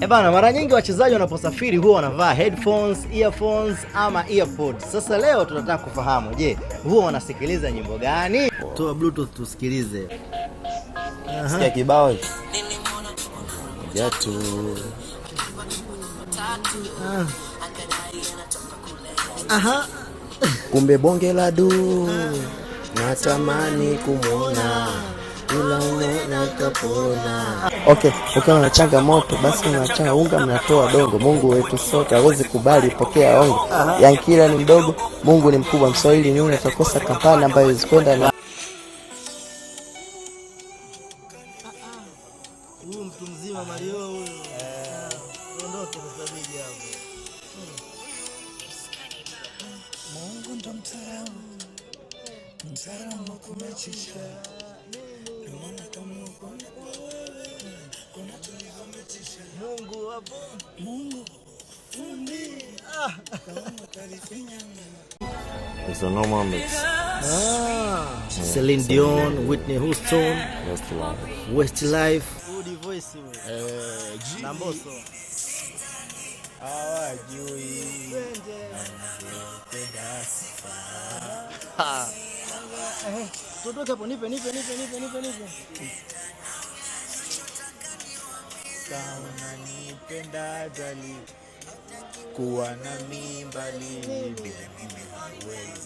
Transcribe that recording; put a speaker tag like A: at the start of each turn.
A: E bana, mara nyingi wachezaji wanaposafiri huwa wanavaa headphones, earphones ama earpods. Sasa leo tunataka kufahamu, je, huwa wanasikiliza nyimbo gani?
B: Toa bluetooth tusikilize. Sikia kibao hiki. Jatu. Ah. Aha. Kumbe bonge la du. Ah. Natamani kumuona. Ila unaona utapona. Okay, ukiwa okay, unachanga moto basi unachanga unga mnatoa dongo. Mungu wetu sote awezi kubali pokea ongo. Yankila ni mdogo, Mungu ni mkubwa. Mswahili ni ule atakosa kampana ambayo zikwenda na
C: It's a normal mix. Ah,
D: yeah, Celine Dion, Whitney Houston, Westlife. Westlife.
E: Udi voice.
F: Eh,
E: G. Namboso.
G: Hawajui. Ah.
H: Eh, Tutoke hapo nipe nipe nipe nipe nipe nipe hakika unanipenda zaidi, kuwa na mbali bila mimi huwezi